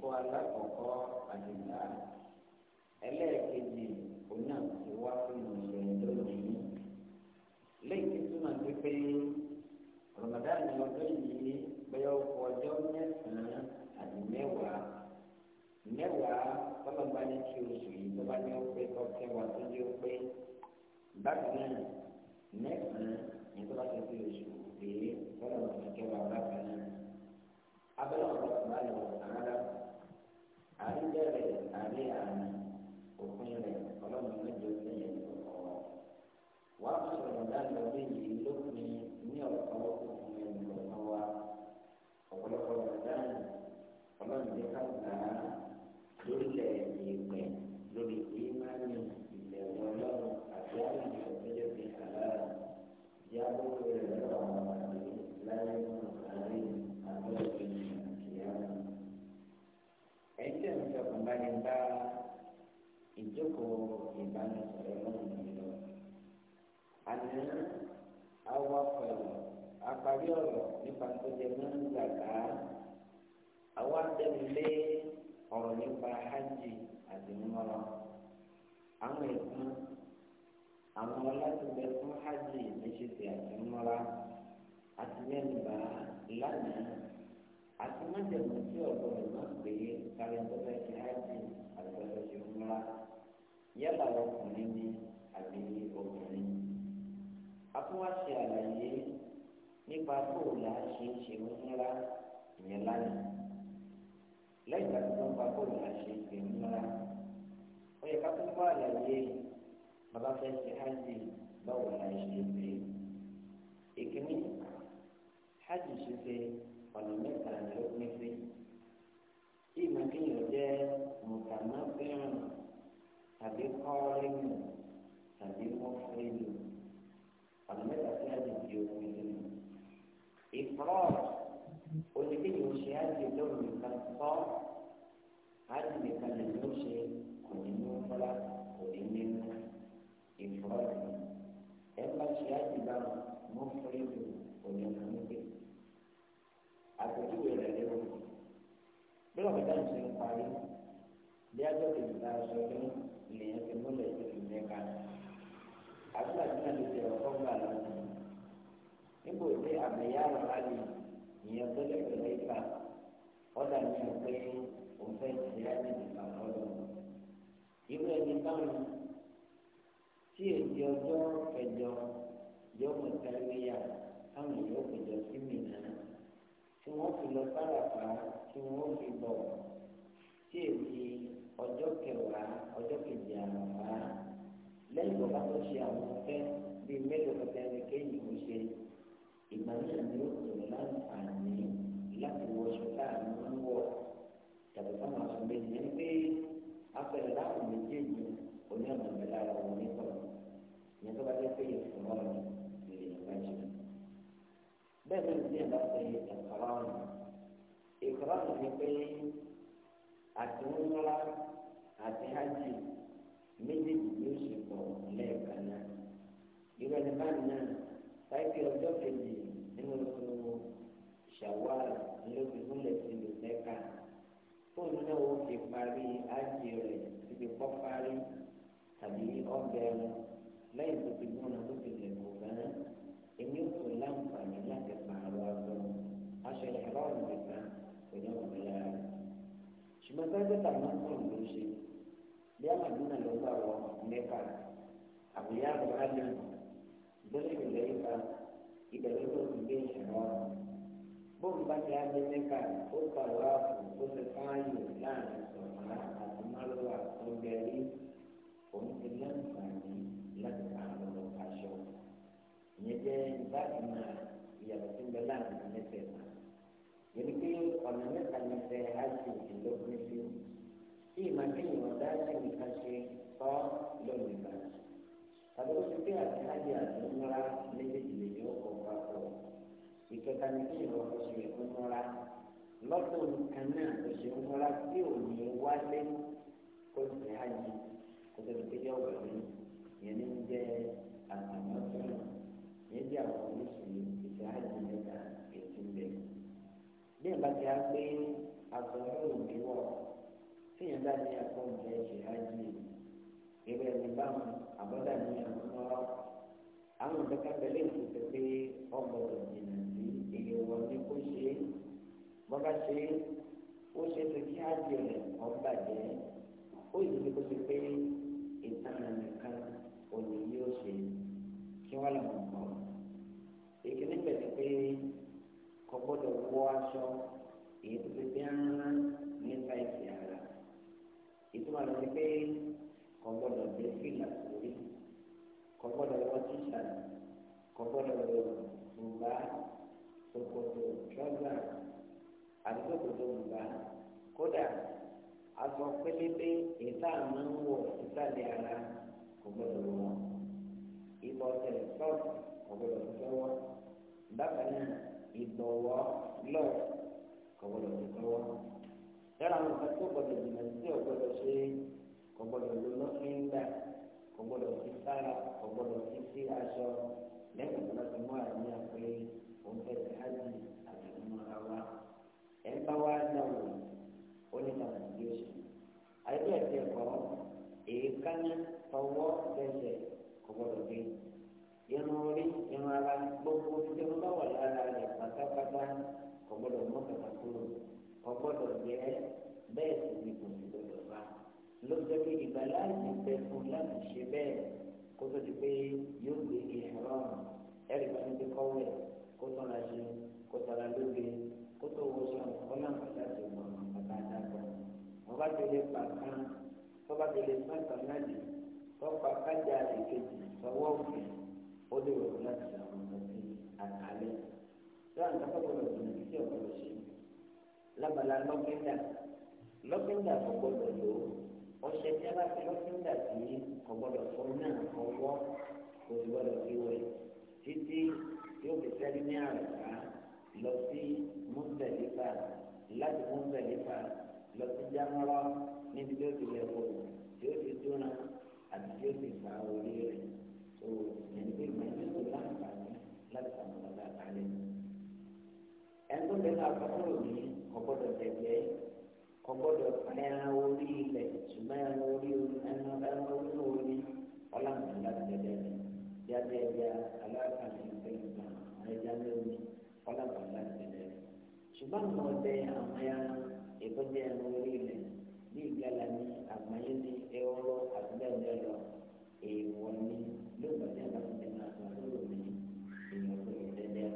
ìkó alákọ̀ọ́kọ́ àdìgbà ẹlẹ́ẹ̀kejì òun náà ti wá fún ìrìn lónìí lẹ́yìn tí túmọ̀ sí pé Ramadan ọdún yìí bẹ́ẹ̀ ọkọ̀ ọjọ́ mẹ́sàn-án àti mẹ́wàá mẹ́wàá tọ́lọ́gbà ní kí oṣù yìí tó bá ní ó pé kọ́kẹ́ wa tó ní ó pé bákan náà mẹ́sàn-án ní tó bá ti fi oṣù pé tọ́lọ́gbà ní kẹwàá bákan náà abẹ́rẹ́ ọ̀rọ̀. mọ́ra àwọn ẹ̀sán àwọn ọlọ́tìgbẹ́ fún hajj níṣẹ́sẹ̀ àti mọ́ra àti mẹ́nubà lánàá àti májèmọ̀ tí ọ̀gbọ́n náà pé kárẹ́ńtọ́fẹ́ ti hajj àtọ́fẹ́ ti mọ́ra yálà ọkùnrin ni àbí obìnrin. afúnwáṣe àlàyé nípa bóòlù àṣeéṣe mọ́ra ìyẹn lánàá lẹ́yìn ìgbà tí wọ́n bóòlù àṣeéṣe mọ́ra ẹ̀ka tó wà láyé bàbá fẹ́ ṣe hajj báwo la ṣe ṣe ìkíní hajj ṣíṣe ọ̀nà mẹ́ta ló pín sí tí màkìyàn jẹ́ mùtàmáfẹ́ràn tàbí kọ́ọ́rẹ́mù tàbí mọ́fẹ́rẹ́mù ọ̀nà mẹ́ta tí hajj ti o pín sí ìfọ́rọ̀ oníkéyìí ó hajj lórí nìkan sọ hajj nìkan lè ló ṣe kò ní ní múra kò ní ní mú ìfúrọ́ọ̀dù ni ẹ bá ṣe àdìbà mú fúrẹ́dù kò ní mú níbi àpèjúwe rẹ̀ lé wọn. bí wọ́n bá ṣe ń parí bí ajọ́ kejì tá a sọ pé lèyìn ti múlẹ̀ tó fi mẹ́ka àbí àdúrà ti tẹ̀ ọ̀kọ́ gbà lọ́wọ́ níbo tí àmẹ́yà rẹ̀ á lè ìyẹn tó lè pẹ̀lú ìfà ọ̀dà ni mo pé òun fẹ́ ìṣẹ́yà irú ẹni báwọn tí èdè ọjọ́ kẹjọ yóò mọ̀ tẹ́lẹ̀yà táwọn yóò péjọ sí mìíràn tí wọ́n fi lọ sáràpá tí wọ́n fi bọ̀ tí èdè ọjọ́ kẹwàá ọjọ́ kejì àràpá lẹ́yìn tó bá tó ṣe àwọn ọ̀fẹ́ bíi mélòó ìyẹn tó bá jẹ́ pé ìfọwọ́ rẹ̀ èèyàn bá jẹ́ bẹ́ẹ̀ ló ń bí ẹ̀dá pé ẹ̀kọ́rọ́ ọ̀nà ìkọ́rọ́ ọ̀nà ni pé àti wúlọ́lá àti hajj méjèèjì yóò ṣe pọ̀ lẹ́ẹ̀kan náà irú ẹni báyìí náà táìpì ọjọ́ kejì nínú oṣù ṣàwárà lóbi múlẹ̀ sí ìlú mẹ́ka fóònù náà ó fi parí hajj rẹ̀ síbi pọ́ parí tàbí ọ̀bẹ ẹ̀rọ lẹ́yìn tó ti gbọ́n náà tó ti lè kó gan èmi ò fún láǹfààní láti pààrọ̀ aṣọ aṣọ ìyàrá ọ̀nà ìta kò ní ọ̀nà lára rẹ̀ ṣùgbọ́n sẹ́ńtítà náà kàn ló ṣe bí àmàdúnà ló gbà wọ mẹ́fà àbúyá àbúrò àlẹ́ gbọ́dọ̀ ìlẹ̀ ìfà ìbẹ̀rẹ̀ tó ti gbé ìyàrá ọ̀nà bóun bá ti adé mẹ́ka ó kà wá fún ó ti fáyọ̀ láàrin sọ̀rọ̀ àti márùwà òun ti lẹ́nu láti pa àwọn ọmọ aṣọ ìyẹn jẹ́ ìbáàdì máa ìyàtọ̀ tó ń bẹ láàrin mẹ́fẹ̀ máa yẹni pé ọ̀nà mẹ́ta mẹ́fẹ̀ á sì ìlókun sí tí ìmàkéyìn ọ̀dá nìkan ṣe tọ́ lónìí kan tàbí ó ti pé àti ájì àti ńlá méjèèjì lè yọ ọkọ̀ papọ̀ ìkẹta ni kí ìwọ kò ṣe ńlá lọ́dọ̀ nìkan náà kò ṣe ńlá tí ò ní wálé kó sì ájì kó tó ti pé yọ yẹn ní jẹ́ àtàmọ́tòrò yẹn jẹ́ àwọn oríṣìí ìṣe àjẹ mẹ́ta ètí ń bẹ. bí ìbá ti á pé aṣọ mẹ́rù mi wọ̀ tí yẹn bá ní akọ́ ìfẹ́ ṣe àjẹ ìwé ẹni báwọn àbọ̀dá ní àkọ́kọ́ àwọn ìgbẹ́ka pẹ̀lú ìfúnpẹ́ pé ọgbọ̀dọ̀ jìnnà sí èyí wọn ní kó ṣe é bọ́bá ṣe é ó ṣe é kí á di ọ̀rẹ́ ọ̀ ó yìí kó ṣe pé ìtàn nìkan òní yóò ṣe kí wọ́n lọ mọ̀ ọ́. ìkíní bẹ̀rẹ̀ pé kò gbọ́dọ̀ wọ aṣọ èyí tó ti bí ara ní sáìsì ara. ìtumọ̀ lọ sí pé kò gbọ́dọ̀ dé fìlà sórí kò gbọ́dọ̀ wọ tíṣà kò gbọ́dọ̀ lọ bùbá ṣòkòtò trọ́gà àti ṣòkòtò bùbá kódà aṣọ pélébé èyí tá ń wọ ìsàlẹ̀ ara gbọ́dọ̀ lọ wọn ìbọ̀ tẹ̀lé sọ́ọ̀tì kò gbọ́dọ̀ tẹ́ wọn bákan náà ìbọ̀wọ́ lọ́ọ̀ kò gbọ́dọ̀ tẹ́ wọn. yàrá àwọn kan tó gbọ́dọ̀ jìnnà sí ò gbọ́dọ̀ ṣe kò gbọ́dọ̀ lọ lọ́fíńdà kò gbọ́dọ̀ sí sára kò gbọ́dọ̀ sí sí aṣọ lẹ́yìn tó láti mú àníyàn pé òun fẹ́ ti hájì wa ẹ̀ ń bá wa dáwọ̀ ó ní tàbí bí ó ṣe àyẹ̀wò ẹ̀kọ́ èékánná ọwọ́ tẹsẹ̀ kò gbọdọ̀ gbé irun orí irun ara gbogbo títí wọn bá wà lára rẹ̀ pátápátá kò gbọdọ̀ mú kàkà kúrò kò gbọdọ̀ jẹ bẹ́ẹ̀ sì ni kò sì gbọdọ̀ bá ló jẹ pé ìgbà láti bẹ fún láti ṣe bẹ́ẹ̀ kó tó di pé yóò gbé ìṣòro ẹrí bá ní ti kọwé kó tó ra ṣe kó tó ra lóge kó tó wọṣọ kó náà kó láti mọ àtàkùn ọba tó lè pa kan tọ́ba tẹ̀lé mẹ́ta náà jù tọ́pa kájà ìkejì sọ́wọ́ òkè ó lè rọ̀ láti àwọn ọmọ sí àkàlẹ́. sọ́wọ́n nípa gbọ́dọ̀ gbọ́dọ̀ títí ọ̀gbọ́dọ̀ ṣe lábala lọ́kẹ́ndà lọ́kẹ́ndà kò gbọ́dọ̀ lò ó ọṣẹ tí a bá fi lọ́kẹ́ndà sí kò gbọ́dọ̀ fọ́ náà ọwọ́ kò sì gbọ́dọ̀ fi wẹ̀ títí yóò fi sẹ́ni ní àrùn lọ sí jámọ́rọ́ níbi tí ó ti lẹ̀ wò tí ó ti dúnà àti tí ó ti fà orí rẹ̀ tó ẹni pé ìmọ̀ ẹni tó láǹfààní láti sàmùlọ́dà kalẹ̀. ẹni tó bẹ̀rẹ̀ àkọ́kọ́rò ní ọgbọ́dọ̀ tẹ̀gbẹ́ ọgbọ́dọ̀ ẹran orí ilẹ̀ ṣùgbọ́n ẹran orí ẹran orí orí ọlànà láti tẹ̀gbẹ́ rẹ̀ bí abẹ́ẹ̀dẹ́ alákàtà ìgbẹ́yìnbá ẹja lórí ọlànà láti tẹ̀gbẹ́ rẹ̀ ṣùgbọ́n àwọn ọdẹ ètò jẹ́ ẹnu orí ilẹ̀ bí ìgbàlá ní àgbáyé ní ẹ̀rọ àti bẹ́ẹ̀ bẹ́ẹ̀ lọ èèwọ̀ ni yóò bá jẹ́ àbájá ti máa sọ lóòrò mi èèyàn kò lè dẹ́dẹ́.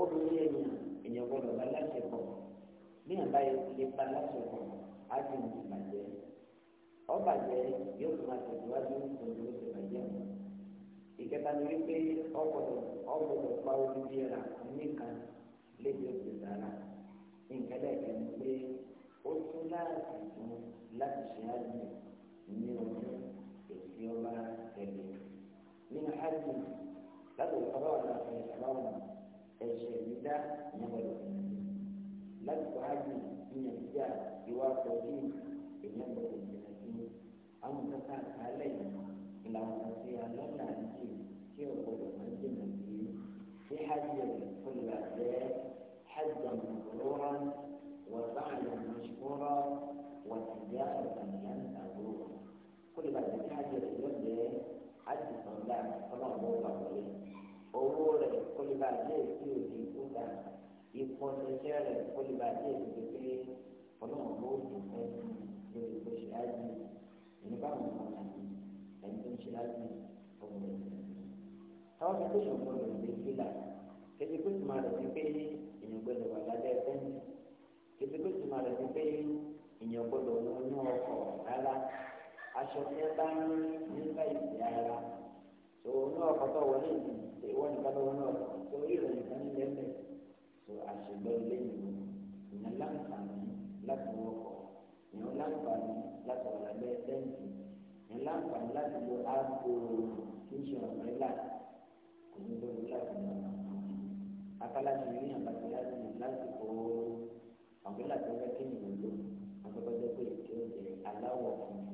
obìnrin èèyàn èèyàn gbọ́dọ̀ bá láṣepọ̀ bí àbáyé lè bá láṣepọ̀ á sì ń bàjẹ́ ọbàjẹ́ yóò tún máa tẹ̀síwájú pẹ̀lú ìbàjẹ́ wọn. ìkẹta ni wípé ọgbọdọ̀ ọgbọdọ̀ pa orí bí ẹ̀rà nìkan lébi òkè sára nǹkan lẹ́ẹ̀kẹ́ ni pé ó tún láàbì fún láti ṣe àdùn ní ọdún èsì ọba tẹ̀lé nínú àdùn láti ọba wà láti ọba wà ẹ̀ṣẹ̀ dídá ìyàgbọ́dọ̀ láti wà àdùn ìyàn dídá ìwà àtọ́jú ìyàgbọ́dọ̀ ìyàgbọ́dọ̀ àwọn kankan àkàlẹ̀ ìlànà àti alọ́nà àti tí ọ̀gbọ́dọ̀ kí bá ti káàdì rẹ̀ yóò jẹ́ àdìsàn dá ọlọ́run ó gbà wọlé owó rẹ̀ kó lè bá jẹ́ èsì òdì kúta ìfọ̀sẹ̀sẹ̀ rẹ̀ kó lè bá jẹ́ èsì pé ọlọ́run ó dùn fẹ́ lórí tó ṣe ájú ìní báwọn kan àti ẹni tó ń ṣe ájú ọmọ rẹ̀ táwọn fi tẹ̀sán fún ọ̀rọ̀ ìgbé fílà kéde pé tùmọ̀ rẹ̀ ti pé èèyàn gbọ́dọ̀ wà lábẹ́ fẹ́ǹsì kéde pé tùmọ̀ rẹ̀ ti pé èèyàn gbọ́dọ̀ wọnú ọkọ̀ rárá aṣọ tí ẹ bá ń rí nígbà ìsìn ara tó ní ọkọ tó wọlé ìsìn ìwọ nìkan tó wọlé ọkọ tó rí ìròyìn kan ní lẹ́lẹ̀ tó àṣìlọ lẹ́yìn ìyẹn láǹfààní láti wọkọ̀ ìyẹn láǹfààní láti wọlé abẹ́ tẹ́ǹtì ìyẹn láǹfààní láti lo aago kí n ṣe ọ̀rẹ́ là kò ní lórí láti lọ akálàṣe ní àbájá láti lásìkò ọ̀gbẹ́là tó fẹ́ kéèyàn lò ọ̀gbẹ́kọ̀jọ́ pé ìjọ jẹ aláwọ̀ funfun.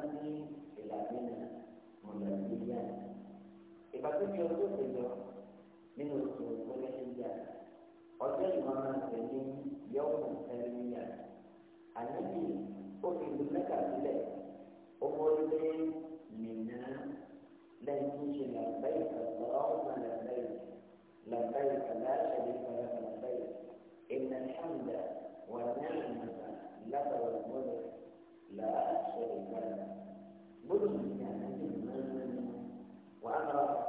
ìgbà tó ní ọjọ́ ìgbẹ́jọ́ nínú oṣù ìgbẹ́jọ́ ìjà ọjọ́ ìmọ̀ràn àgbẹ̀ ní yọ̀ọ̀mù ẹlẹ́yà àlejò ó fi ìlú mẹ́ta sílẹ̀ ó wọlé mìíràn lẹ́yìn tó ṣe làbẹ́ ìkàtọ́ ọ̀gbọ̀n làbẹ́ làbẹ́ ìkàláṣẹ́ ìkàlá làbẹ́ ìnà ìhàmdà wà náà nípa lábàá ìgbọ́dọ̀ làá ṣe ìkàlá gbọ́dọ̀ ìyá àti ìmọ̀ràn وأمر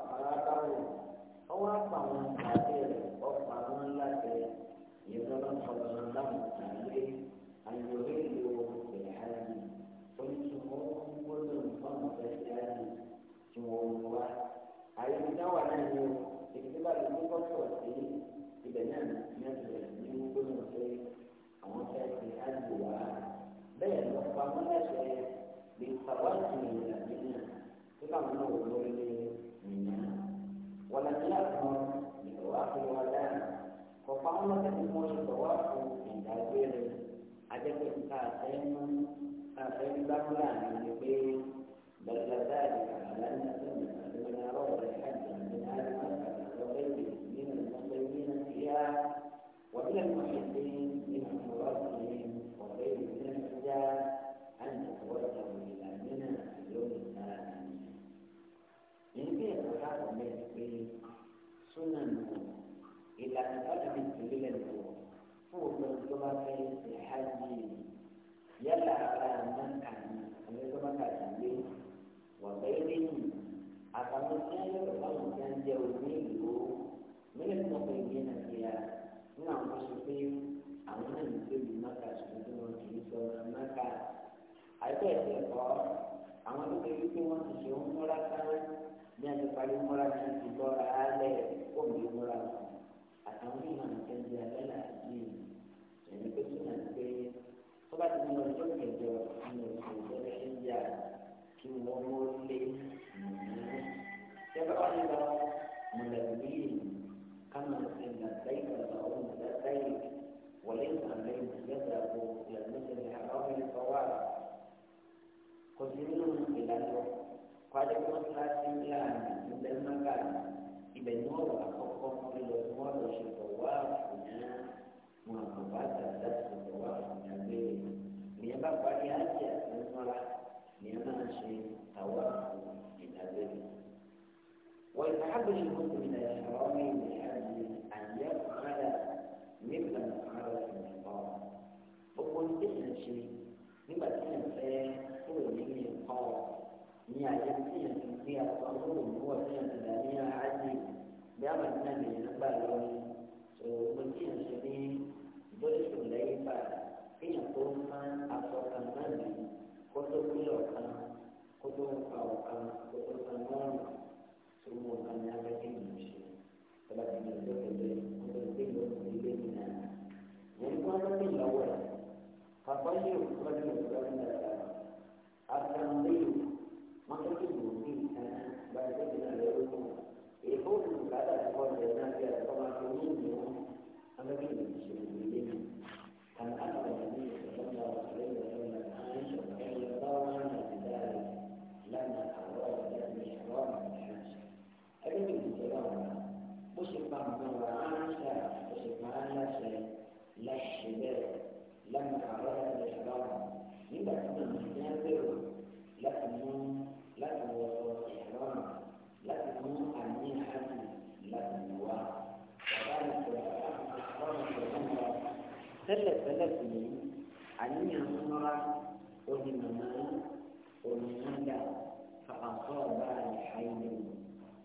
ọwọ́ apá wọn àti rẹ̀ ọ̀pá wọn láti ìrọ̀lọ́ ọ̀dọ̀ láwọn tàbí àyọ̀rẹ́ ìlú ìhàlì oníṣòwò gbọ́dọ̀ nǹkan ìfẹsẹ̀ àti tí wọ́n mú wa. àyè ìdáwà náà ni o èyí bá lè kó kọ́tọ̀ sí ibẹ̀ náà ní ọ̀sẹ̀ ní gbọ́dọ̀ pé àwọn fẹ́ ti àjò wá. bẹ́ẹ̀ lọ pa mọ́lẹ́sẹ̀ lè pàwọ́ àti ìrìnàjò ولم يأمر بطواف الوداع فقامت الأمور الطواف عند البر عجبت ساعتين ساعتين بغلان لبيت بل ذلك على أن سنة من روض الحج من آل مكة وغيره من المسلمين فيها ومن المحرمين yálà ara náà kàní ẹni tó bá kàní lé wọ̀tẹ́ lẹ́yìn àtàwọn tí wọ́n yọ̀rọ̀ báwọn tí wọ́n jẹ́ òní ìlú mílẹ̀ tó kọ̀ ìgbé nàìjíríà nínú àwọn tó ṣe pé àwọn náà ń gbé ìlú mọ́ta ṣùgbọ́n tí wọ́n kì í sọ mọ́ta àìpẹ́ ẹ̀sẹ̀ kọ́ àwọn tó kéwì pé wọ́n ti ṣe ń múra sáwọn ní àti parí múra ní ti bọ́ra alẹ́ òmìnir nígbà tí màmá ti ń bẹ̀rù láti mú láti wọ ìrọ̀rùn láti mú àní àti láti mú wá. bàbá mi sọ àwọn ọ̀rọ̀ náà tẹ́lẹ̀ tẹ́lẹ̀ sí ni àníyàn ń rọra omi màmá omi nígbà fàkàtọ́ ọ̀bá àyè àyè lẹ́nu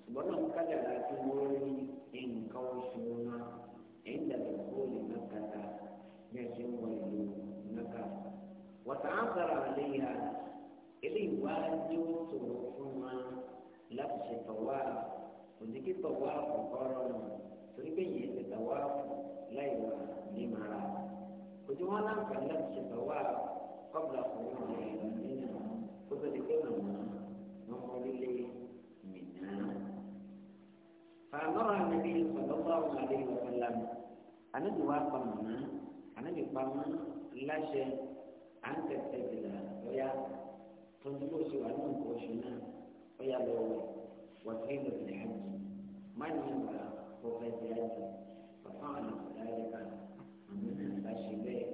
ṣùgbọ́n náà kájà láti wọ́n rí nǹkan oṣù náà. فَتَعَذَّرَ عَلَيْهَا eléyìí wá ní ó sòrò fún wa láti ṣe tọ̀wá òdìkí tọ̀wá kọ̀kọ́rọ́ nù torí pé yìí ṣe tọ̀wá láì wà ní mara òjò wọn láǹfààní láti ṣe tọ̀wá kọ́bùlà fún wọn ní ìlànà kó tó di pé màmá wọn sallallahu alaihi wa sallam ànábì wá pa màmá ànábì pa mọ́ à ń tẹ̀sẹ̀ jìnnà lọ́yà tó ní bó ṣe wà ní nǹkan oṣù náà ó yà lọ wẹ̀ wọ́tí ló ti hajj má ní ìgbà kó fẹ́ ti hajj bàbá àwọn ọ̀dà ẹ̀ka àmì náà bá ṣe bẹ́ẹ̀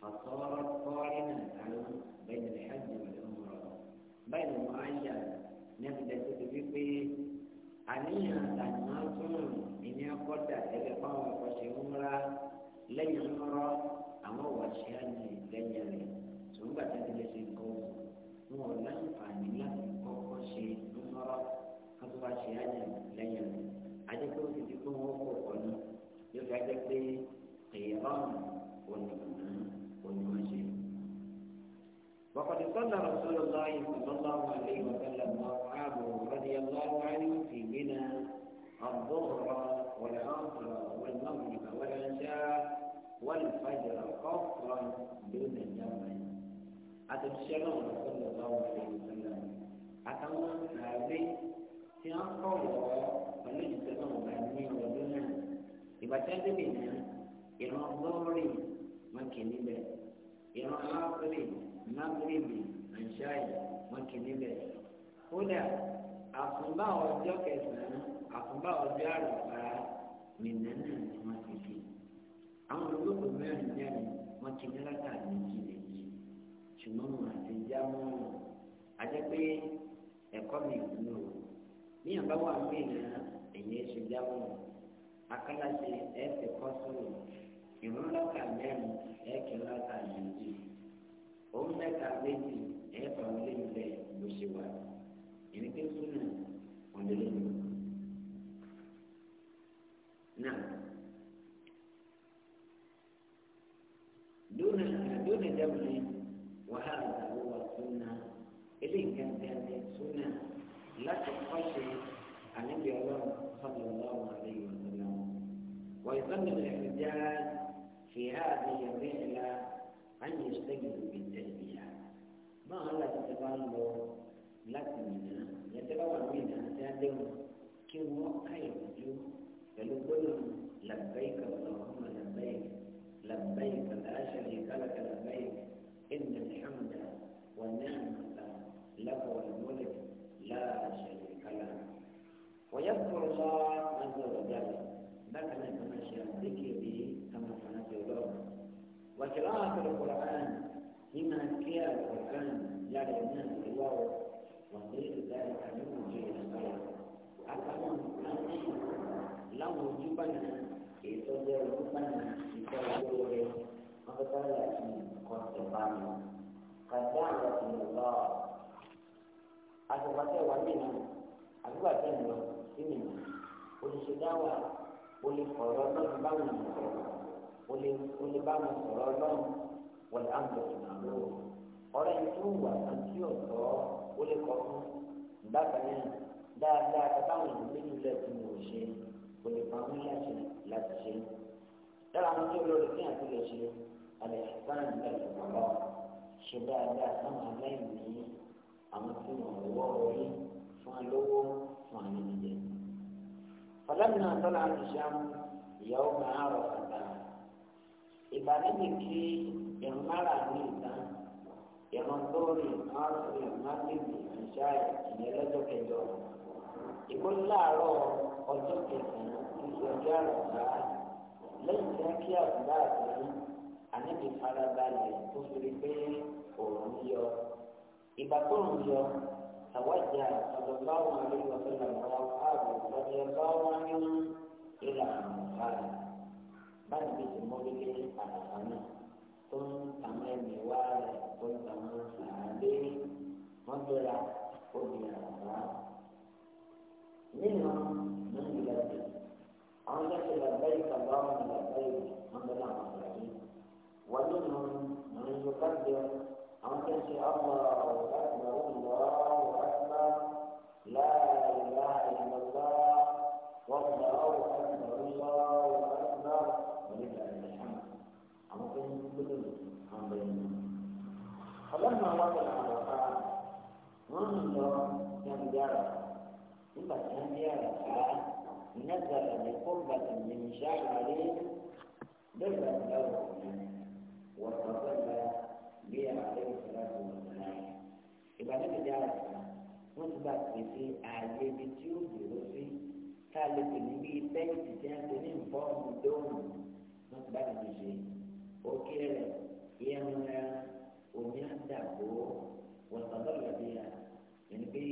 fàtọ́rọ́ kọ́rin náà kàánú bẹ́ẹ̀ ni hajj wà lọ́wọ́ bẹ́ẹ̀ ni wọ́n á yà ní ẹ̀fẹ̀ àníyàn àtàwọn tún ìní akọ́dà ẹgbẹ́ fáwọn ọ̀pọ̀ ṣe ń múra lẹ́yìn ń rọ́ àwọn wàṣẹ́ àti lẹ́yìn rẹ̀ ṣùgbọ́n gbàtà ti lè ṣe nǹkan oṣù wọn ò láǹfààní láti kọ́kọ́ ṣe lọ́sọ̀rọ̀ kó tó bá ṣe àjà lẹ́yìn rẹ̀ ajẹ́ pé ó ti di pé wọ́n kọ̀ ọ̀nà yóò fi ajẹ́ pé kèèrọ́ọ̀nù ònìkùnà ònìmọ̀ṣe. wọ́n kọ́ ti sọ́nà rọ̀ sọ́lọ́ òṣìṣẹ́ náà lọ́sọ̀rọ̀ báwọn ènìyàn náà àtàwọn ààrẹ tí wọ́n kọ̀ wọ́ pẹ̀lú ìṣẹ́ náà bá ní ọdún náà ìbàjẹ́ débi náà ìran lọ́ọ̀rì wọn kì níbẹ̀ ìran áfírì mágírìbì àṣàì wọn kì níbẹ̀ kódà àfúnbá ọjọ́ kẹsàn-án àfúnbá ọjọ́ àrùbá mìíràn náà ni wọ́n ti fi àwọn olóògùn mẹ́rin mẹ́rin wọn ṣùgbọ́n mo àti já mọ́ ọ́n àjẹ́ pé ẹ̀kọ́ mi wúlò ní àbáwọ̀ àwọn èèyàn èyí ṣe já mọ́ ọ́n akálàṣe ẹ̀ fi kọ́ sóòrò ìrànlọ́kà mẹ́rin ẹ̀ kì í lọ́kà méjì òun mẹ́ta méjì ẹ̀ fà ó lé nílẹ̀ ló ṣe wà ìrìnkè súnà ọ̀dẹ́lẹ́nu. náà dúnà dúnà dẹ́wọ̀n وهذا هو السنة إذن كان كان السنة لا تقشي عن النبي صلى الله عليه وسلم ويظن الرجال في هذه الرحلة أن يستجدوا بالتلبية ما هذا تتبان له لكننا يتبان منها تهدم كي موقعي فلقل لبيك اللهم لبيك لبيك لا شريك لك لبيك إن الحمد والنعمة له الملك لا شريك له ويذكر الله عز وجل بكنا كما شاركه به كما فنسي الله وقراءة القرآن فيما كيا القرآن لا يمنع الله وغير ذلك من غير الخير أكمل أني لو جبنا إذا جبنا إذا جبنا فقد واستقامة قد دعوة من الله أتوقع ومنا أتوقع تنوى سنين olùsèdáwà olùkọ̀rọ̀ lọ́nà báwọn ìṣòro olùbáwọn sọ̀rọ̀ lọ́nà wọlé àgbẹ̀ ìnáwó ọ̀rẹ́ tó wà àti ọ̀tọ̀ olùkọ̀ fún bákan náà dáadáa báwọn ìlú ilẹ̀ tí mo ṣe olùkọ̀ fún láti ṣe láti ṣe dára àwọn tó lórí kí àti lè ṣe alẹ́sán ìgbàlùmọ̀lá ṣe dáadáa sáwọn aláìní àwọn tí wọn wọ́ orí fún alówó fún àlejò. fọlọ́nà tọ́lá ti ṣam ìyàwó máa rọ̀ kàtà ìbànújẹ́ kí ìrún mára ní ìta ìrún lórí ọ̀sìn mágbègbè ìṣá ìyẹn lọ́jọ́ kẹjọ ìgbó láàárọ̀ ọjọ́ kẹsàn-án ìṣọjọ́ àrọ̀ká lẹ́yìn tí wọ́n kí àbúrò àtẹ̀yìn ànábì farabalẹ̀ tó fi pé òun yọ ìgbà tó ń yọ àwájà ọ̀dọ̀báwọn àlejò ọ̀sẹ̀ làwọn ààbò ọ̀dọ̀báwọn ní ìlà àmọ̀fáàlà báyìí bí ti mọ́lẹ́lẹ́ àlàfà náà tó ń tàmú ẹ̀mí wá rẹ̀ tó ń tàmú àlẹ́ wọ́n bẹ̀rẹ̀ obìnrin àlàfà. nínú nínú ìlàjì àwọn yẹn ti lọ bẹ́ẹ̀ ìkàgbọ́n lọ bẹ́ẹ̀ ìkàgbọ́n lọ bẹ́ẹ̀ ومنهم من يكبر أن تشي الله أكبر الله أكبر لا إله إلا الله والله أكبر الله أكبر ولله الحمد أما كان كل عن بينهم فلما وصل عرفات ومن كان جرى ثم كان جرى نزل بقربة من شعره بذل له وتصلى به عليه الصلاة والسلام ìbàdí ti dára kan wọ́n ti bá pèsè ààyè ibi tí ó dúró sí tá a lè pè ní bíi tẹ́ǹtì tí a ń pè ní bọ́ọ̀mù dóòmù wọ́n ti bá ti ṣe òkè rẹ̀ ìyẹn rẹ̀ òní àdàbò wọ́n sọ̀tọ̀ lọ́dí ẹni pé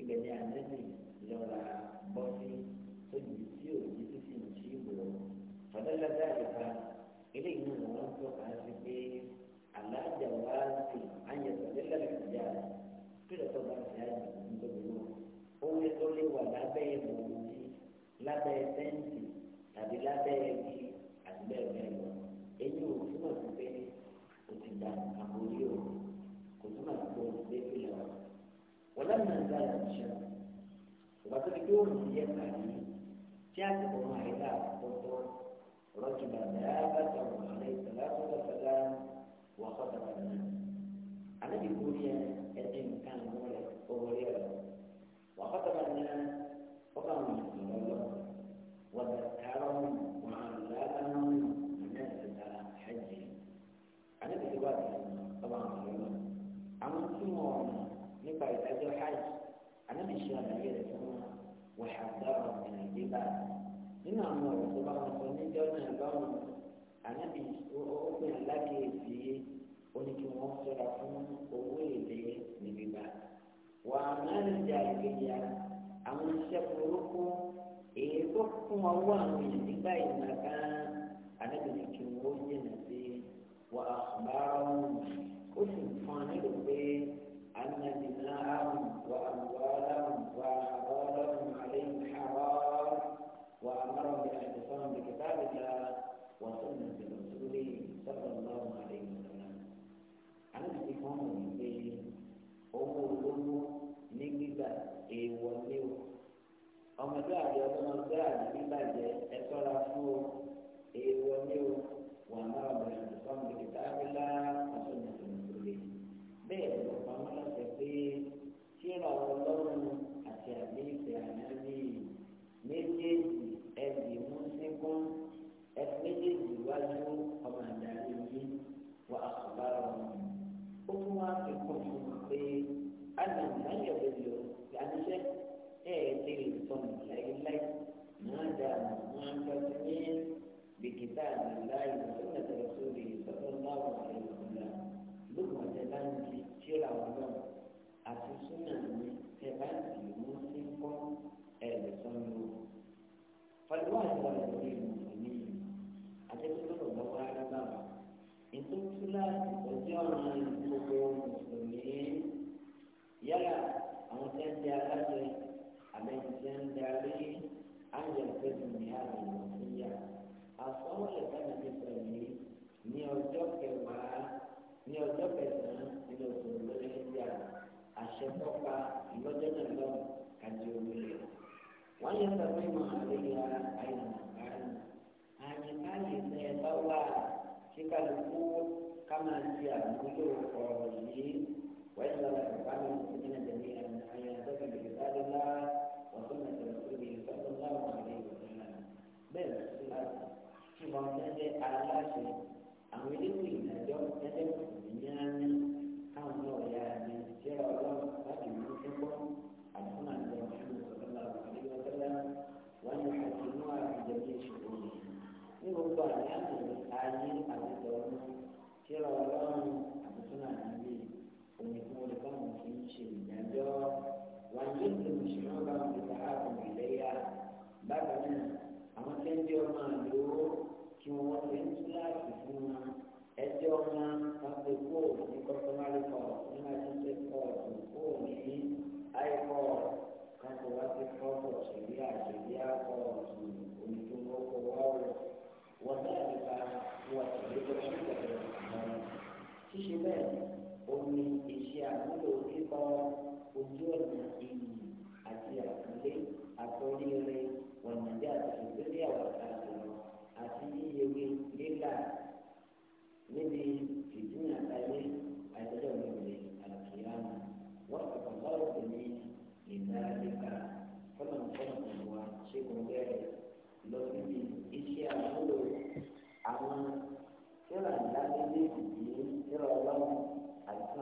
ibẹ̀ ni ànẹ́bì lọ́ra bọ́ sí tó di tí ò di títí ìṣí ìbò ọ̀dọ́lọ́dá àyíká eléyìí náà على جواز أن يستدل الاحتجاج في رسول الاحتجاج هو يقول ولا بين موجي لا بين سنتي tàbí lábẹ́ ẹbí àti bẹ́ẹ̀ bẹ́ẹ̀ lọ èyí ò túmọ̀ sí pé o ti gba àkórí o kò túmọ̀ sí pé o ti débi lọ. wọ́n lẹ́nu náà gba ìrànṣẹ́ ìgbà tó ti gbóhùn sí yẹ kàní tí àsìkò máa yẹ láàbò tó rọ́jò bàbá bàtà ọ̀rẹ́ ìtàlá tó lọ́sọ̀lá. وخطب الناس الذي بني كان هو مولد وخطب الناس وقام الله وذكرهم وعلمهم على حجه على بواجه طبعا عم عمل سمونا نبقى الحج حج أنا من شهر وحذرهم من الجبال nínú àwọn طبعا tó bá wọn sọ níjọ́ لكن ó ní kí wọ́n ṣọ́ra fún owó èlé níbí gbà. wà á máa ń ja ìgbéyà àwọn iṣẹ́ burúkú èyí tó kún ọwọ́ àwọn èèyàn nígbà ìgbà kan àdébìnrin kí wọ́n jìnnà sí wà á ó sì fún ọ nílò pé ànàbìnrin àrùn wà á wà á lọ́rùn wà á bọ́ lọ́rùn àlẹ́ ìhàwọ́ wà á mọ̀rọ̀ bí àìsàn bí kìtàbí ta wà alábìsí kan mọ̀ wípé owó olówó ní gbígbà èèwọ̀ ní o ọmọdé àti ọmọdé àti bíbàjẹ́ ẹ sọ́ra fún o èèwọ̀ ní o wà náà bẹ̀rẹ̀ lọ́sọ̀rọ̀ lórí tábìlá ọ̀sán ìṣòwòlè bẹ́ẹ̀ lọ pamọ́ pé kíra ọlọ́run àti àbíyèsè ànábì méjèèjì ẹbí mú ẹbí méjèèjì wájú ọmọ àdáyé yìí wà á sọ̀bára ọmọ ó tún wá fi kún un pé àná ìdáyẹ̀ bẹ̀rẹ̀ lọ ìdáníṣẹ́ ẹ̀ẹ́dẹ̀rẹ̀ sọnù láéláé máa dà máa bá ti ní bìkítà láì sọ́nà tẹ̀lé sórí ìsọ̀tún láwọn àlejò ńlá lóògùn ọ̀tẹ̀ bá ń di tíra wọn náà àti súnà ní ẹ̀ bá ń mú sí kọ́ ẹ̀ẹ́dẹ̀ sọnù. pẹ̀lú àwọn ọ̀rẹ́ ìlú mi àti tó ètò kíláàsì ọjọ́ ọ̀nà gbogbo mùsùlùmí yálà àwọn tí ń di aláṣẹ àbẹ̀yìn tí ń darí ángẹ̀lẹ́gbẹ̀dù ní àrùn nàìjíríà àsọ̀wọ́lẹ̀ káàdì nípa yìí ní ọjọ́ kẹwàá ní ọjọ́ kẹsàn-án nínú oṣù lọ́lẹ́yà àṣẹ tọ́pa lọ́jọ́ náà lọ́wọ́ kájí omi wọ́n yẹ sọ pé màá lè kíkàlùkù ká máa ṣe àmúlò ọ̀rọ̀ yìí wáyé lọ́la ìgbà mi nínú ẹ̀mí àyè àtọ́kì ìgbàlè lá wọ́n tó nà ìgbà mi sọ́dún láwọn àlè ìgbàlè bẹ́ẹ̀ lọ́sí láti ṣùgbọ́n tẹ́tẹ́ aláṣẹ àwọn ilé ìgbìyànjọ́ tẹ́tẹ́ fún síra ọlọ́run àbùsùn àdàbí òyìnbó lè bá wọn kì í ṣe ìdájọ́ wáyé ìlú ṣùgbọ́n bá wọn lè bá ààbò ìlẹ́yà bákan náà àwọn tí ń jẹ́ ọmọ àlọ́ kí wọ́n ṣe ń kíláàsì fún wọn ẹjọ́ wọn wọn ti ní kọ́sọ́márì kọ́ ní àtúnṣe kọ́ kó ní àìkọ́ kan kò wá sí kọ́ kọ́ ṣèlú àṣèlú àkọ́ òyìnbó kọ́ wá ṣíṣe bẹ́ẹ̀ omi ìṣe àmúlò kíkọ ojú ọ̀nà ìyì àti àkànlé àtọ́ríire ọ̀nà bí àtìṣègbélé àwàkà àtìmọ́ àti yíyewé lílà níbi ìdíyàn àtàyé àtijọ́ ìrìnlẹ̀ àlùkìyàmù wọ́n ti kọ́ sọ́ọ́ sí ní ìdáraléka fọlọ́nfọ́n ìwà ṣẹ́gun bẹ́ẹ̀ lọ síbi iṣẹ́ àmúlò àwọn tí ó rà kíra ọlọ́run àti tí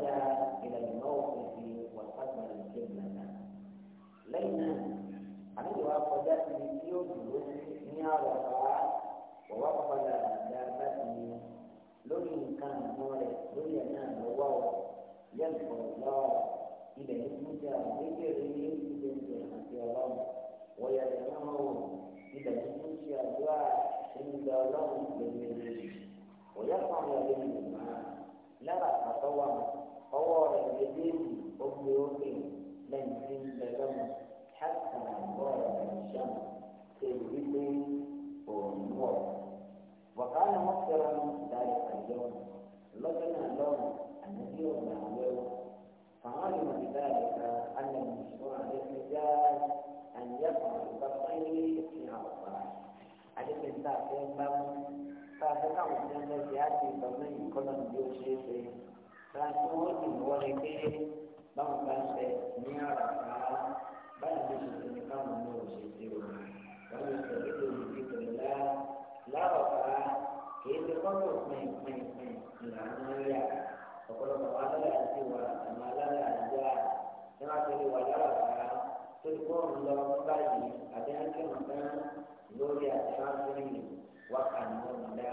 خرج إلى الموقف وقدم الجنة لينا عليه وقدت من يوم عرفة ووقف دابته لولي كان مولد لولي كان رواه يذكر الله إلى المتى بجره بنت الله ويدعوه إلى المتى دعاء عند الله بالمدرج ويرفع يديه معه لا تطوع ọwọ́ rẹ̀ méjèèjì ó gbé òkè lẹ́yìn tí ń bẹ lọ́nà ṣáàtà bọ́ọ̀lù ṣọ́ọ̀n tèmi wípé òun wọ̀. wàkàlà wọn fẹ́ràn dáre àjọ lọ́jọ́ náà lọ́rùn àti bí òun àwẹ̀wò. فعلم بذلك أن المشروع للحجاج أن يفعل كالطير في عرفات. عليك أنت فاهم فهذا كان من láti wọ́n ti wọlé pé báwọn bá ṣe ní àràká báyìí ló ṣe ti ní káwọn ní òṣèṣe o wọ́n lè sọ pé lórí ìdìbò ńlá lárọ̀ká kìí ṣe kọ́kọ́ pín pín pín ìlànà ńlá ọ̀pọ̀lọpọ̀ àwọn alára ti wà àwọn alára àjà ní wọ́n ti wà lárọ̀ká tó ti kọ́ ń lọ báyìí àbẹ́ńkì nǹkan lórí àtẹ̀wáṣẹ́yìn wákàtí wọn dá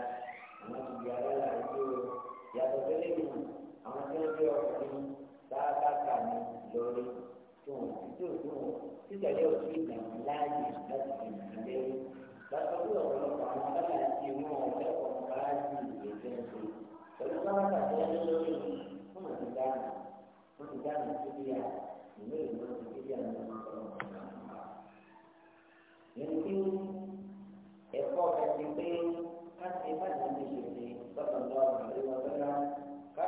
àwọn ti di alára àjò yàtọ̀ tẹ́lẹ̀ àwọn tí ó jẹ́ ọkùnrin bábàkà ní lórí tó wọn ti tó tó yóò fi ìgbà láàyè láti fi ìdílé lọ́sọ̀ bí ọ̀pọ̀lọpọ̀ àwọn bàbá àti ìmú ọ̀jọ́ kan bá ní ìgbésẹ̀ ṣe pẹ̀lú bábàkà tó lórí fún òtí dáná fún òtí dáná tó bí a ìwé ìwé ti bí a ní ọ̀pọ̀lọpọ̀ yẹn tí ẹ̀kọ́ ọ̀gá ti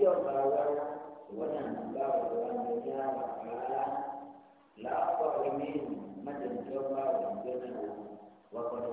يرضى ونبقى ونبقى لا لا أقوى من مدن جوبا ومدن وقد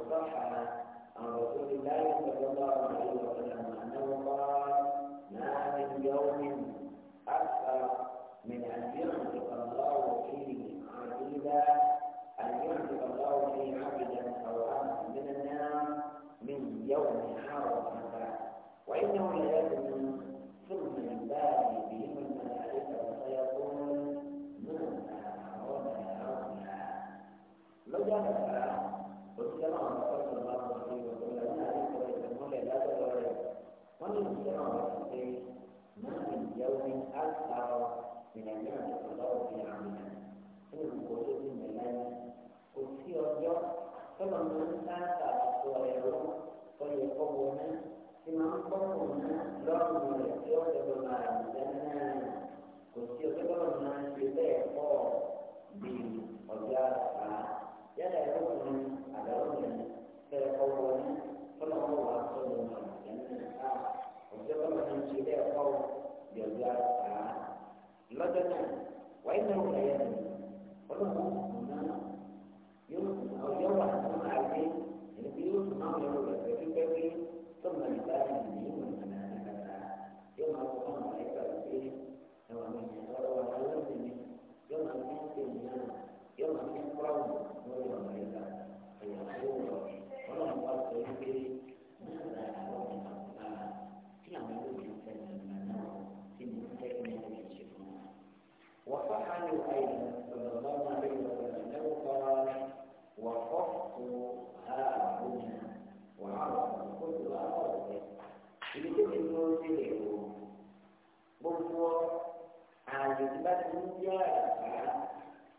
àyè láti ń jẹ́ àràbá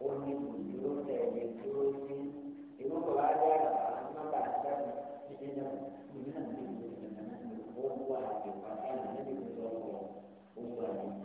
omi ìlú tẹ̀lé tó ní ìlú kò wá jẹ́ àràbá nọ́mbà sábà níbi náà níbi náà níbi ìlú ìlú náà ní owó àti ìpàdé àti níbi ìlú ọ̀pọ̀ owó àti ìpàdé.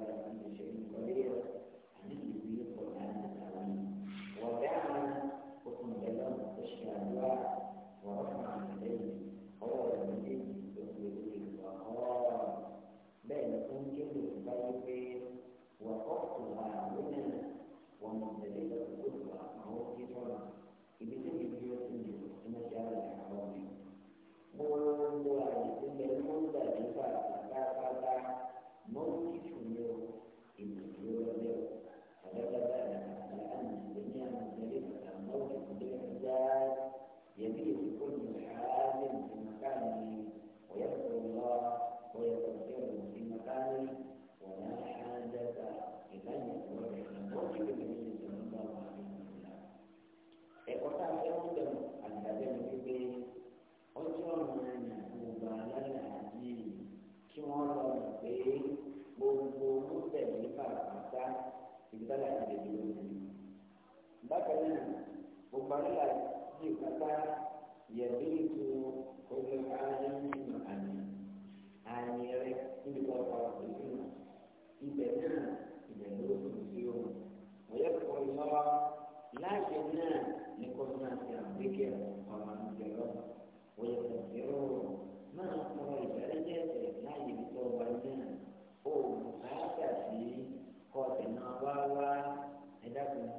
ẹ̀dá kan ń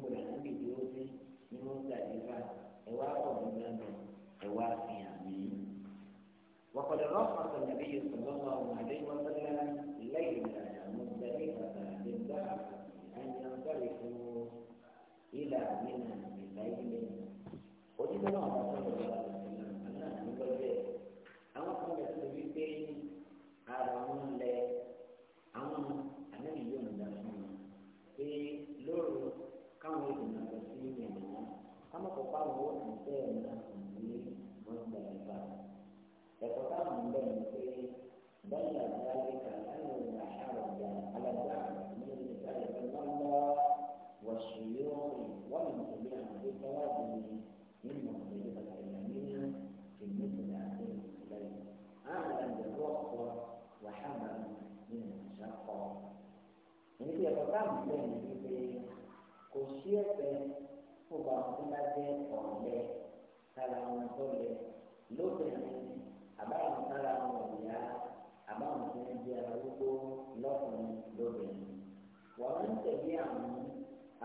gbọ́dọ̀ ànábì tí ó sí nínú gàdífà ẹ̀wá pọ̀ ní gbàgbọ́ ẹ̀wá fi hàn mí. وقد رخص النبي صلى الله عليه وسلم ليلة مزدلفة للذهب أن ينصرفوا إلى منى بليل. وجد الله أصحابه أن كان أمري مختلفا فتقام بين فيه دل ذلك أنه لا حرج على الدعم من رسالة المرضى والشيوخ ومن تبعهم بثوابه من مختلف العلمين في مثل هذه البلد أعلم بالرخصة وحمل من المشقة. Ini dia pertama yang dipilih. Kusiat kó bá wọn bá jẹ́ ọ̀lẹ́ sára wọn tó lẹ lóbìnrin àbáwọn sára wọn ò àbáwọn tó ń jẹ arúgbó lọ́kùnrin lóbìnrin. wọ́n ń tẹ̀lé àwọn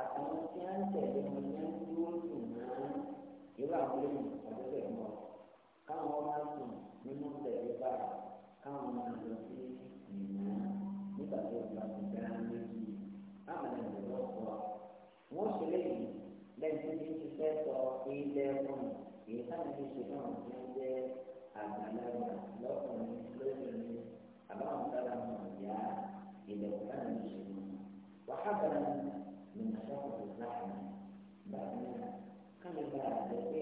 àtàwọn tí wọ́n ń tẹ̀lé wọn ní wọ́n ń náà irú àwọn èèyàn àdúgbò mọ́ káwọn máa sùn nínú tẹ̀lé báyìí káwọn máa lọ sí ìmọ̀ nígbà tó gba ìgbà méjì láwọn ẹ̀rọ ọ̀pọ̀ wọ́n ṣe lẹ́yìn. lẹ́yìn tí ti fẹ́ sọ ilé fún èyí sáà ti ṣe náà ti ń jẹ́ àgbàlagbà lọ́kùnrin lóbìnrin àbáwọn sábà mọ̀ yá ilẹ̀kùn náà ti ṣe mọ́. wàhálà ni màṣá kò tó láàrin bàbá náà káyọ̀ bá a lọ pé.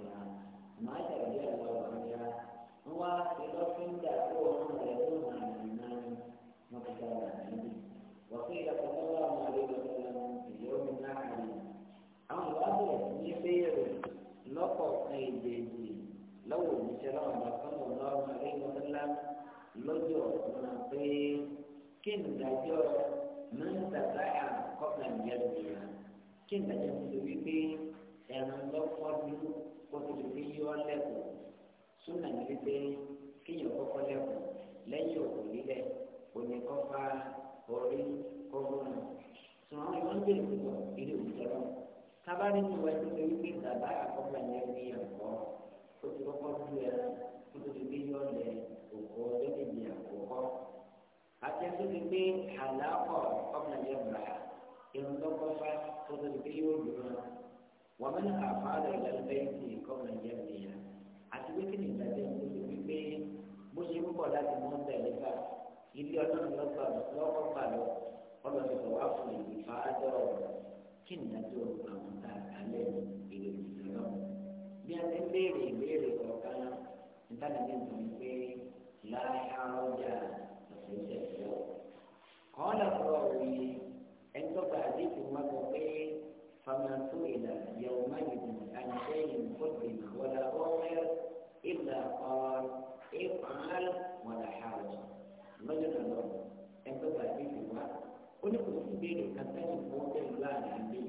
máa tẹ̀lé àwọn ọmọ ya wọ́n wá ṣe lọ́fíńdà tó wọn rẹ̀ tó hàn ní náà wọ́n ti dára níbi. wọ́n fi ìdàpọ̀ lọ́wọ́ àwọn àlejò ọ̀sán ìyá omi náà kàlẹ̀. àwọn ìwà bẹ̀rẹ̀ sí ní béèrè lọ́kọ̀ọ̀kan ìdèjì lọ́wọ́ òṣìṣẹ́ lọ́wọ́ àbàkọ́nù lọ́wọ́ àlejò ọ̀sán lọ́jọ́ ọ̀sán pé kí n dájọ́ máa kó tó lè fi yọ lẹ́kùn súnà ní wípé kéèyàn kọ́kọ́ lẹ́kùn lẹ́yìn òkú lílẹ̀ òní kọ́ fa orí kọ́gbọ́nà sùnà wọn yóò ń bèrè púpọ̀ ìdí òkúta tábàrí ní ìwádìí pé wípé bàbá àkọ́kọ́ yẹn ní ẹ̀kọ́ ó ti kọ́kọ́ dú ẹran kó tó lè fi yọ lẹ òkú ọjọ́ kejì àkọ́kọ́ àti ẹsẹ̀ ti gbé àlàkọ̀ ọ̀gbìn yẹn gbà irun tó kọ́ fa kó tó fi yọ lù wọ́n mẹ́rin àfáàdà ìlẹ́lẹ́fẹ́ ti kọ́mọ̀ yẹn nìyà àti pé kí ni ìdájọ́ ìlú ti fi pé bó ṣe ń bọ̀ láti mọ́ tẹ̀lé bá ilé ọlọ́run lọ́gbà lọ́kọ́ gbà lọ ọlọ́run ti wá fún ìlú fàájọ́ ọ̀rọ̀ kí ni ìdájọ́ àwọn tá a kálẹ̀ ìlú ìṣẹ̀lọ́ bí a ti ń béèrè ìbéèrè kọ̀ọ̀kan ìtàlẹ́ افعل ولا حرج lọ́jọ́ náà lọ ẹgbẹ́ pàdé ti wá ó ní kò sí béèrè kàtẹ́yìn fún ọgbẹ́ ìlú àárín bí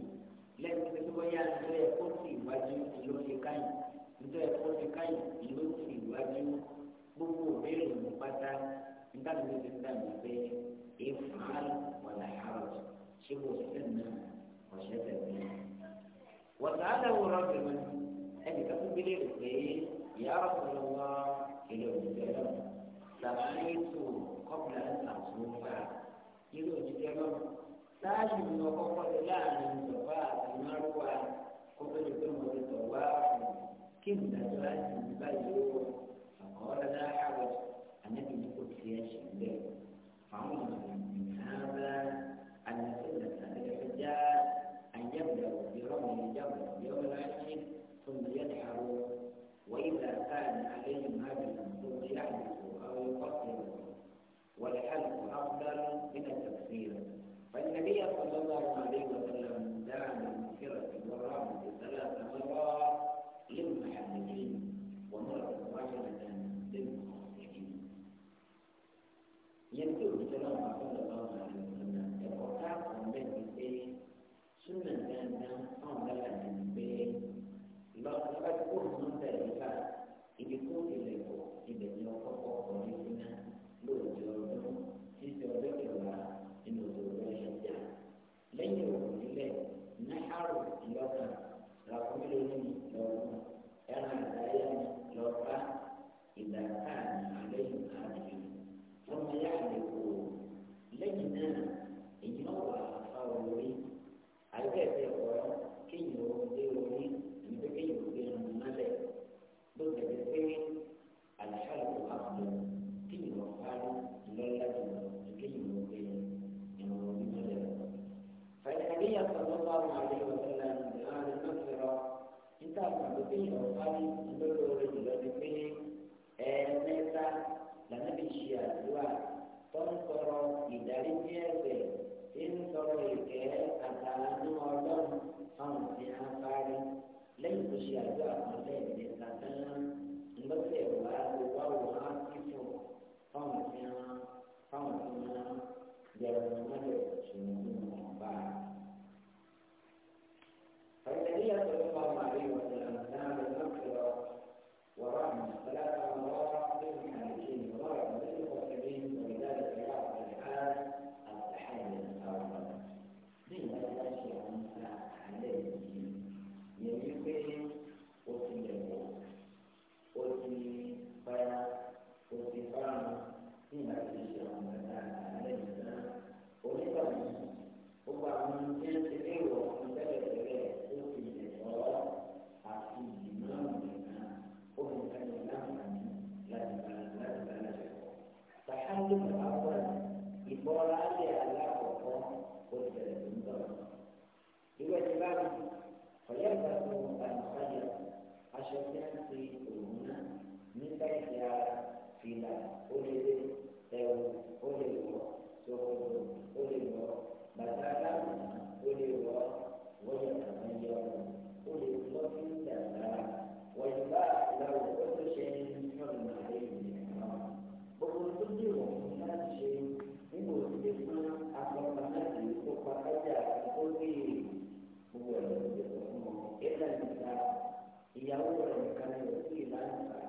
lẹ́yìn tí wọ́n yá ilé ẹ̀kọ́ sí ìwájú ìlú ti káyìn ìjọ ẹ̀kọ́ ti káyìn ìlú ti ìwájú gbogbo béèrè ní pátá nígbàgbọ́ ti dá mi pé ìfàl wàlà àròjù ṣé kò sí ẹ̀nà ọ̀ṣẹ́ tẹ̀lé. wọ́n sàádà wúrọ̀ bẹ̀rẹ̀ ẹnì kan tó gbélé rẹ̀ pé ìyá ọ̀sán ilé òjijì náà làbáyétò kọ́pìlà àtúnfà ilé òjijì náà sáájú ní ọkọ̀ pọ̀jù láàrin ìjọba àti márùwà kó tó lè pé mo ti tọ̀ wá fún kí n dájọ́ láti ní báyìí ó àkọọ́lẹ̀ náà àwọ̀ ànábìyí kò tiẹ̀ ṣe ń bẹ̀ fáwọn ìlú. lọ́kùn lónìí lọ́kùn ẹran àdáyé lọ́ka ìdàkà àlẹ́yìn àdìyẹ ọmọ yá àlẹ́ lẹ́yìn náà. ìlànà ó lè lé ẹ̀rù ó lè wọ̀ ṣòkòtò ó lè wọ̀ bàtà aláàbò ó lè wọ̀ wọ́yà àwọn ẹyẹ ọ̀rọ̀ ó lè lọ sí ìdàgbà wọ́yà bá ìlànà ó tó ṣe ní ọ̀nà àlẹ́ ìrìn náà gbogbo tó dé wọ̀ fún láti ṣe nígbà òṣèlú fún akọ̀ọ̀kan láti kópa kájà ó lè gbogbo ẹ̀rọ ìjọba fún ìyàwó rẹ̀ nìkan ni òsì ìlànà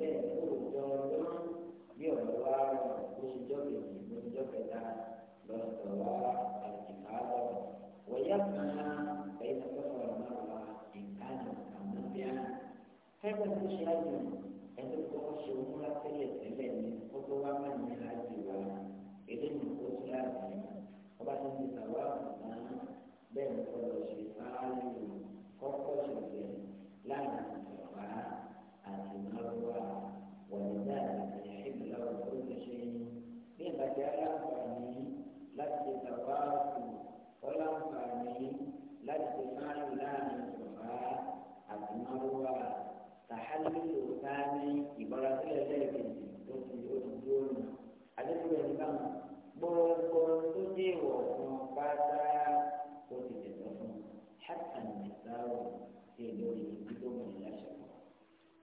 bed.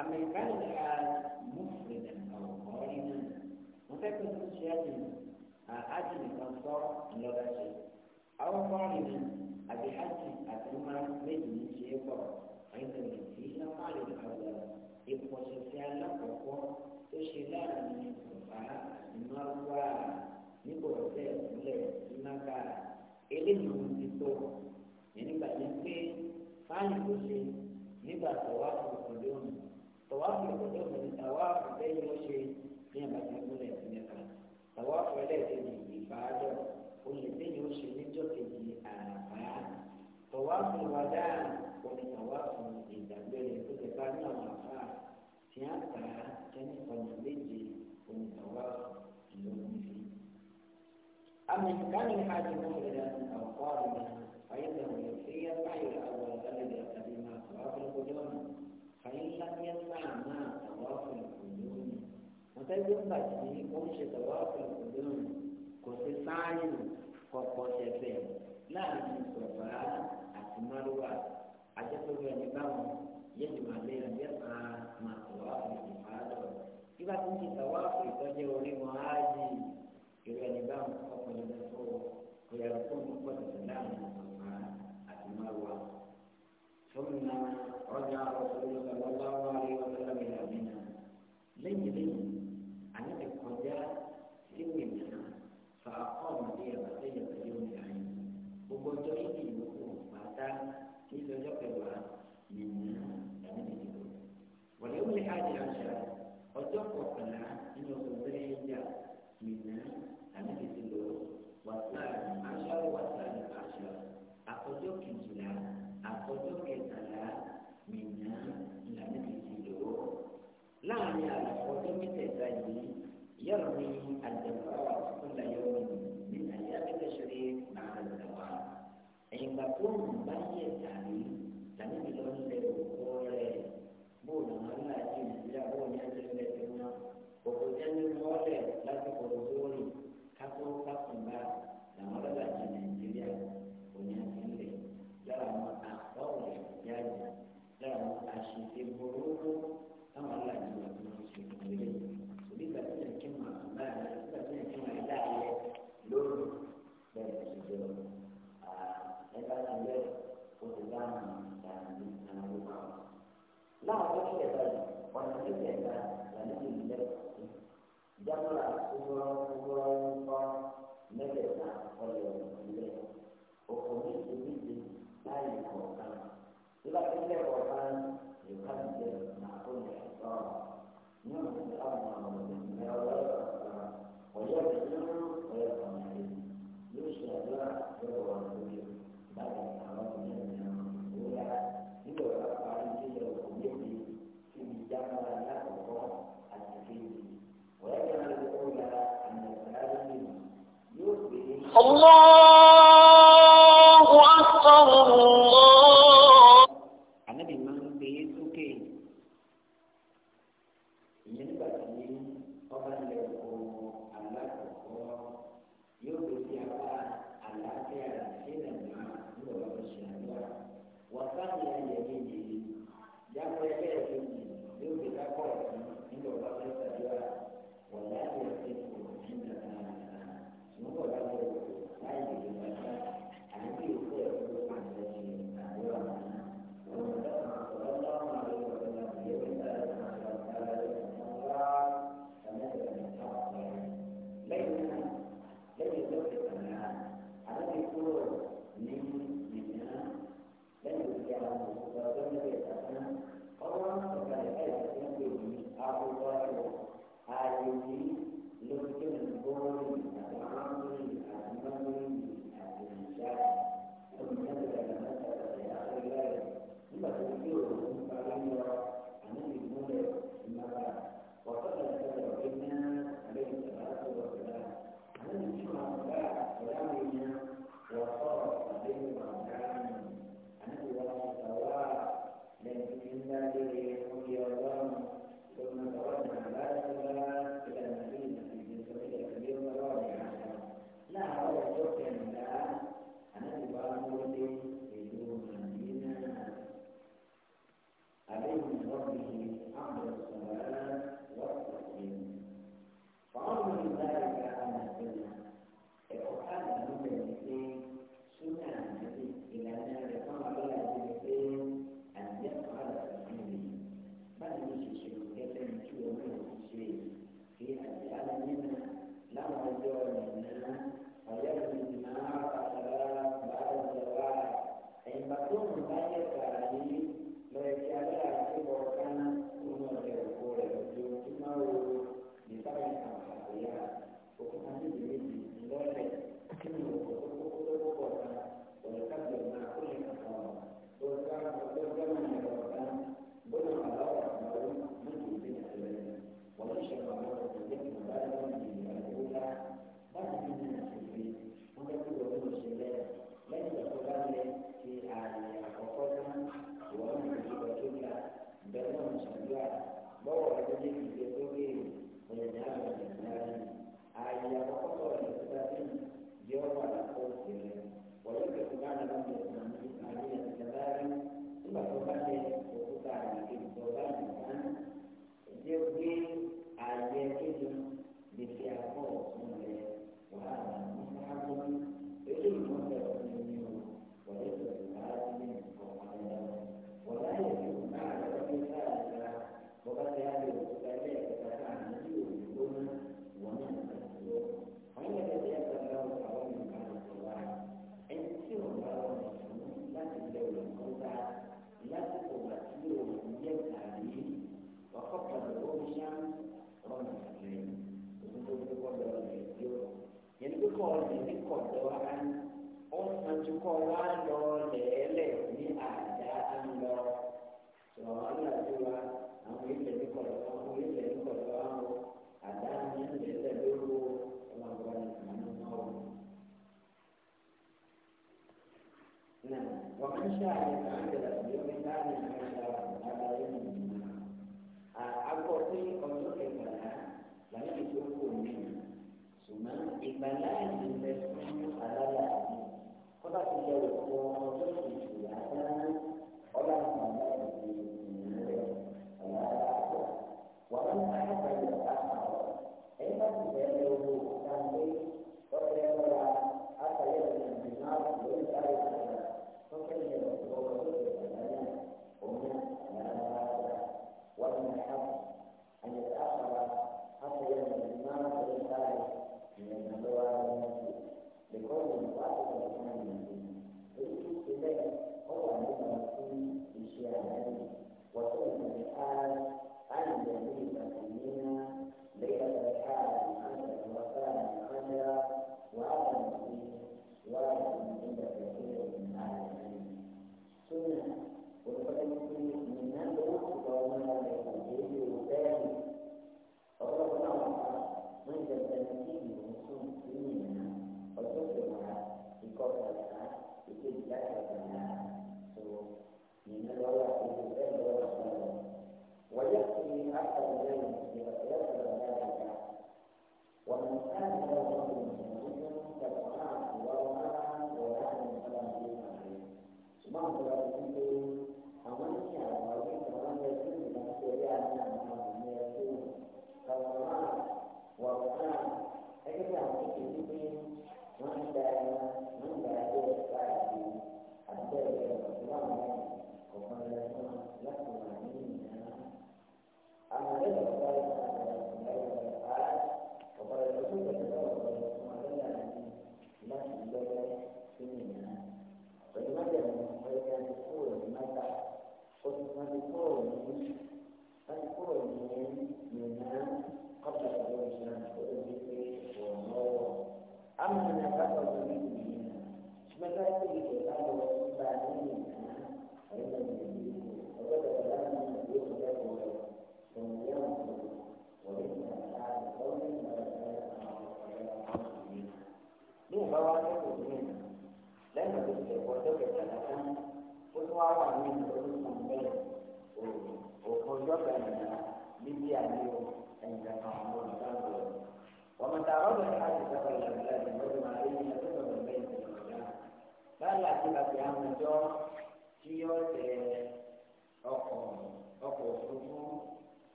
أما كان الحال مفردا أو قارنا وتكون شيئا أجل أنصار لغة شيء أو قارنا أبي حج أتمنى من شيء أيضا فيه قال الأول إبقى سفيان لقوة تشيلا من الكفاء المروى نقول سيئة لك eléyìí ló ti tó yẹn nígbà yẹn pé fáyìn kò ṣe nígbà tó wá fún tọ̀wáfù ìgbọ̀dọ̀ mi tàwáfù lẹ́yìn ó ṣe ní àbàtà ìgbọ̀dọ̀ ẹ̀sìn mẹ́ta tàwáfù ẹlẹ́ẹ̀kejì ìfàájọ́ oṣù lẹ́yìn ó ṣe níjọ́ kejì àràfà tọ̀wáfù wàdà òní tàwáfù ìdàgbẹ́rẹ́ tó ti bá ní àwọn àfà tí a kà á kẹ́ni ọ̀nà méje òní tàwáfù ìlọ́kùn fi. àmì ìkànnì hajj mọ́tòlá àwọn kọ́ فإن لم يسمع ما طواف القدوم وتجد بجدي قمش طواف القدوم كنت سعي وقوت فيه لا من صفاء أتمروا أجدوا بأنبهم يجب عليه أن يسعى ما طواف الإفادة إذا كنت طواف تجد لي معاجي إذا أنبهم أقول لك ويكون قد سلام من صفاء أتمروا ثم رجع رسول الله صلى الله عليه